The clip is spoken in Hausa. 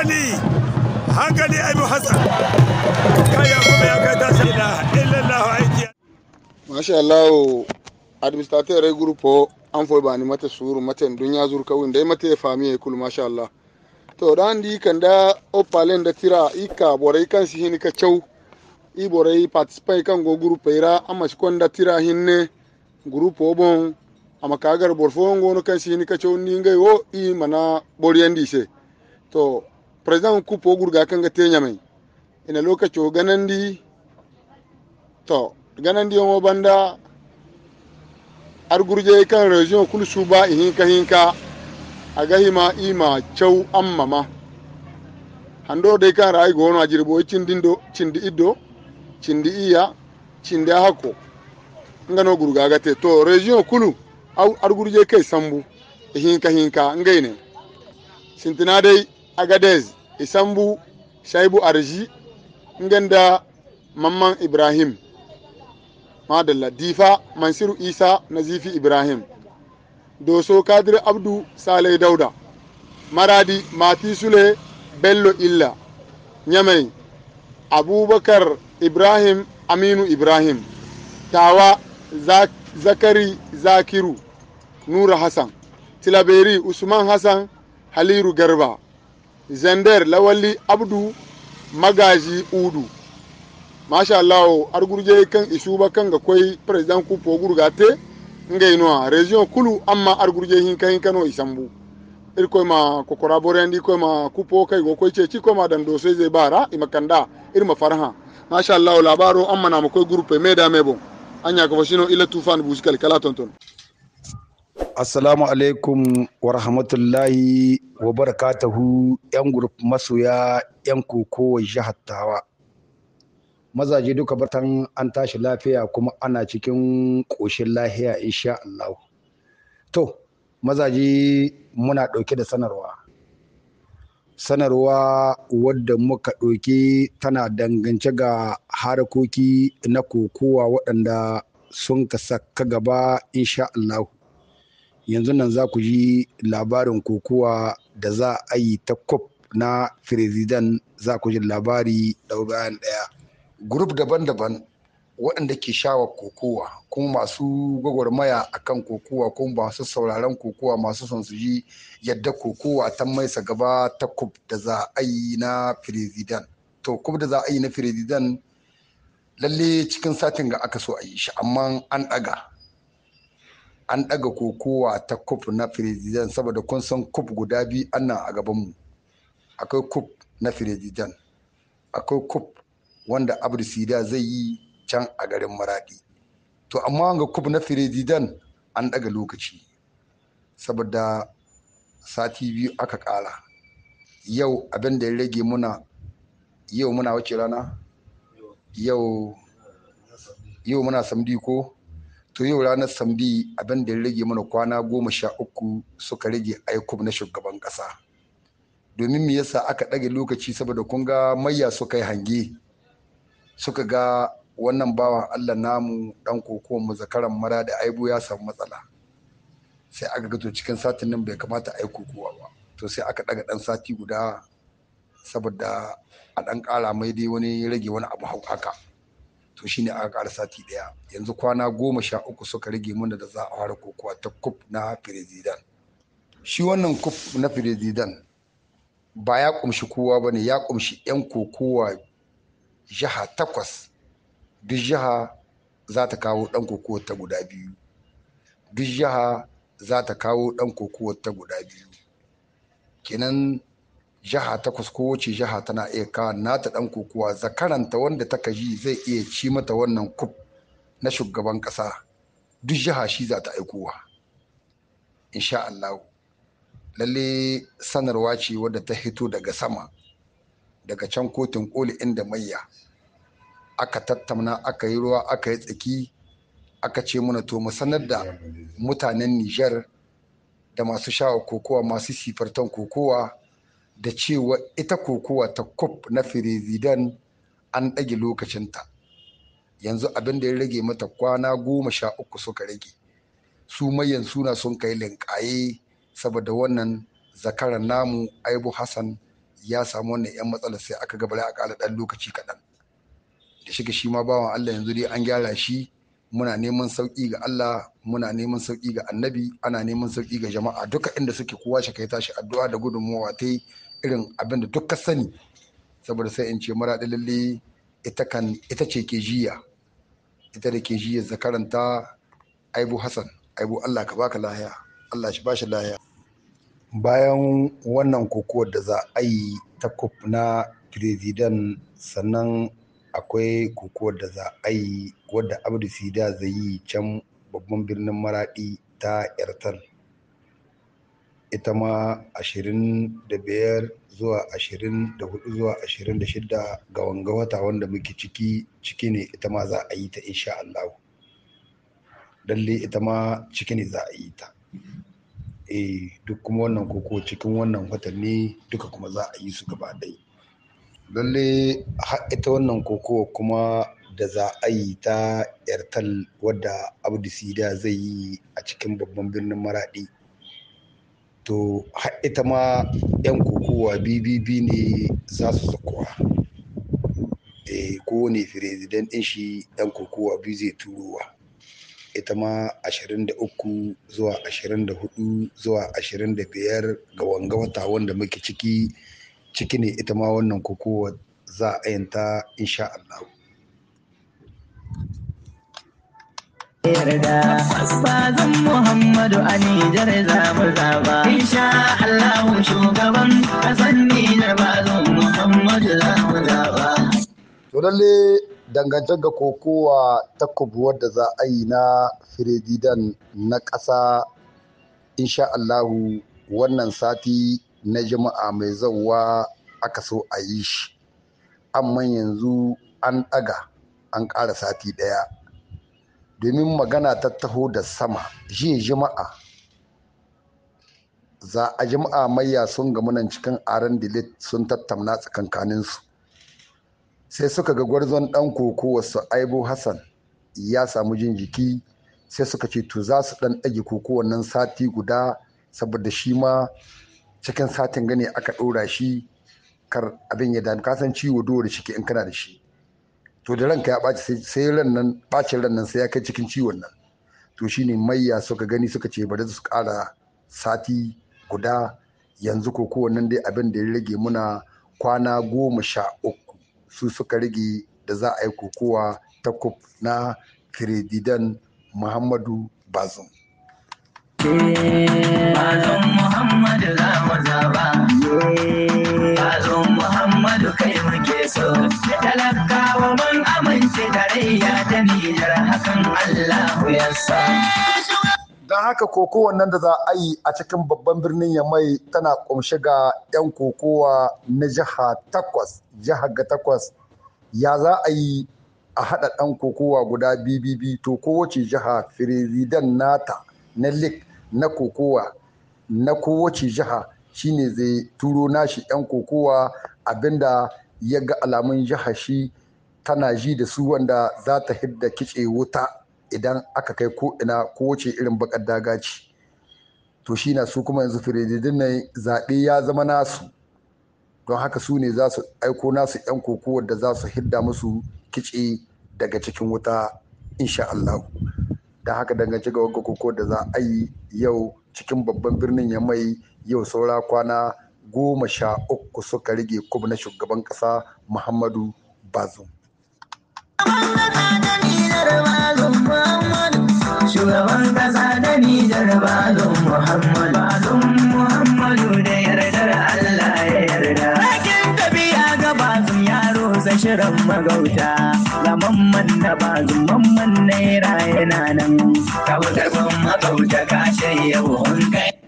hankali hankali abu hassan kaya kuma ya kai tashi ila illallah aiki masha Allah administrateur ay grupo an foi bani mata suru mata dunya zur kawin dai mata ya fami ya kul masha Allah to dan di kan da opalen da tira ika borai kan shi hin ka chau i borai participate kan go grupo ira e amma shi kon da tira hinne grupo bon amma kagar borfo ngono kan shi hin ka chau ni ngai o i mana boriendi se to president ku po gurga kan ga tenya mai ina lokaci di to di yo banda ar gurje kan region kul suba ka hinka a gahima ima chau ma hando dai kan rai gono a jirbo cindindo cindi ido cindi iya cindi hako ngano gurga te to region kulu au ar gurje kai sambu ka hinka ngaine sintina dai agadez isambu shaibu arji ngenda mamman ibrahim madalla difa mansiru isa nazifi ibrahim doso kadir abdu saleh dauda maradi mati sule bello illa nyamai abubakar ibrahim aminu ibrahim tawa Zak zakari zakiru nura hassan tilaberi usman hassan haliru garba zandar lawalli abdu magazi udu masha Allah argurje kan ba kan ga koi president ku po gurgate ngai no region kulu amma argurje hin kan no isambu il koi ma ko corabore ndi koi ma ku po go ceci ko ma dan do sai zai bara imakanda il ma farha masha Allah labaro amma na ma koi groupe meda mebo anya ko shino ila tufan buskal kala tonton Assalamu alaikum wa rahmatullahi wa barakatuhu 'yan guruf masoya 'yan kokowar jihar Mazaje duka batan an tashi lafiya kuma ana cikin ƙoshin lahiya insha Allah. To, mazaje muna ɗauke da sanarwa. Sanarwa wadda muka ɗauke tana dangance ga harkoki na kokowa waɗanda sun kasa ka saka gaba insha Allah. yanzu nan za ku ji labarin kokowa da za a yi ta kop na firizidan za ku ji labari ɗau bayan daya. grup daban-daban waɗanda ke shawa kokowa kuma masu gwagwarmaya a kan kokowa kuma masu sauraron kokowa masu son su ji yadda kokowa ta maisa gaba ta kub da za a yi na firizidan to kub da za a yi na firizidan lalle cikin satin ga aka so a yi shi amma an ɗaga an ɗaga kokowa ta kuf na firizidan saboda kun san kuf guda biyu ana a gabanmu akwai kuf na firizidan akwai kuf wanda sida zai yi can a garin maraɗi to amma wanga kuf na firizidan an ɗaga lokaci saboda sati biyu aka ƙara yau abin da ya rage muna yau muna wace rana yau yau muna samdi ko to yau ranar sambi abin da ya rage mana kwana goma sha uku suka rage aikub na shugaban ƙasa domin me yasa aka ɗage lokaci saboda kun ga mayya suka yi hange suka ga wannan bawan allah namu ɗan kokowar mu zakaran mara da aibu ya samu matsala sai aka gato cikin satin nan bai kamata a yi ba to sai aka ɗaga ɗan sati guda saboda a ɗan ƙara mai dai wani rage wani abu haka to shine aka ƙara sati ɗaya yanzu kwana goma sha uku suka rage mana da za a fara kokowa ta kuf na firizidan shi wannan kuf na firizidan ba ya kumshi kowa ba ne ya kumshi 'yan kokowa jiha takwas duk jiha za ta kawo ɗan kokowa ta guda biyu duk jiha za ta kawo ɗan kokowa ta guda biyu kenan jiha takwas kowace jiha tana iya kawo nata dan kokowa zakaranta wanda ta kaji zai iya ci mata wannan kup na shugaban kasa duk jiha shi za ta aikowa insha Allah lalle sanarwa ce wadda ta hito daga sama daga can kotun koli inda mayya aka tattauna aka yi ruwa aka yi tsaki aka ce muna to mu sanar da mutanen Nijar da masu shawa kokowa masu sifartan kokowa da cewa ita kokowa ta Kof na firizidan an ɗage lokacinta yanzu abin da ya rage mata kwana goma sha uku suka rage su mayan suna sun kai linkaye saboda wannan zakaran namu aibu hassan ya samu wannan 'yan matsala sai aka gabara a ƙala ɗan lokaci kaɗan da shiga shi ma bawan allah yanzu dai an gyara shi muna neman sauƙi ga Allah muna neman sauƙi ga annabi ana neman sauƙi ga jama'a duka inda suke kowa shi kai tashi addu'a da gudunmawa ta irin abin da duk ka sani saboda sai in ce maraɗi lalle ita kan ita ce ke jiya ita da ke jiya zakaranta aibu hassan aibu allah ka baka lahiya allah shi bashi lahiya bayan wannan kokowar da za a yi ta kuf na firizidan sannan akwai kokowar da za a yi wadda abdu sida zai yi can babban birnin maraɗi ta yartar ita ma 25 zuwa 24 zuwa 26 ga wanga wata wanda muke ciki ciki ne ita ma za a yi ta insha Allah lallai ita ma ciki ne za a yi ta eh duk kuma wannan koko cikin wannan watanni duka kuma za a yi su gaba ɗaya lalle ita wannan koko kuma da za a yi ta yartal wadda abdu sida zai yi a cikin babban birnin maraɗi to ita ma 'yan kokowa bibibi ne za su ko eh, kowane firizidan ɗin shi 'yan kokowa biyu zai turowa ita ma 23 zuwa 24 zuwa 25 ga wanga wata wanda muke ciki ciki ne ita ma wannan kokowa za a yanta insha Allah. yarda Bazan Muhammadu a Nijar za mu zaba Insha Allah shugaban ƙasar Nijar bazan Muhammadu za mu zaba To lalle dangantar ga kokowa ta kubuwar da za a yi na firididan na ƙasa insha Allahu wannan sati na jama'a mai zauwa aka so a yi shi amma yanzu an ɗaga an ƙara sati ɗaya domin magana ta taho da sama jiya jima'a za a jima'a mayya sun gamu nan cikin aran dilit sun tattamna tsakankaninsu sai suka ga gwarzon dan koko wasu aibu hassan ya samu jin jiki sai suka ce to za su dan ɗage koko wannan sati guda saboda shi ma cikin satin gane aka ɗora shi kar abin ya dami kasan ciwo shi ciki in kana da shi to da ranka ya ɓaci sai ran ɓacin ran sai ya kai cikin ciwon nan to shine mayya suka gani suka ce bari su ƙara sati guda yanzu ko kowannan dai abin da ya rage muna kwana goma sha uku su suka rage da za a yi kokowa ta kuf na kiredidan muhammadu bazum eh, bazum muhammadu za mu zaba tarayya da Nijar hakan Allah ya sa. haka kokowan nan da za a yi a cikin babban birnin Yamai tana kumshe ga 'yan kokowa na jiha takwas, jiha ga takwas. Ya za a yi a haɗa ɗan kokowa guda BBB to kowace jiha firizidan nata na lik na kokowa na kowace jiha shine zai turo nashi 'yan kokowa abinda ya ga alamun jiha shi tana ji da su wanda za ta hidda kitse wuta idan aka kai ko ina irin bakar dagaci to shi na su kuma yanzu firididin nan zaɓe ya zama nasu don haka su ne za su aiko nasu 'yan koko da za su hidda musu kitse daga cikin wuta insha Allah don haka dangance ga wagga koko da za a yi yau cikin babban birnin ya mai yau saura kwana goma sha uku suka rage kuma na shugaban ƙasa muhammadu bazum Shugaban ƙasa da kasa Bazum Muhammad Bazum Muhammadu da yardar Allah ya yarda. Rakin tafiya ga Bazum yaro za shirin magauta. Zaman man da Bazum mamman naira yana nan. Kautar magauta kashe yau kai.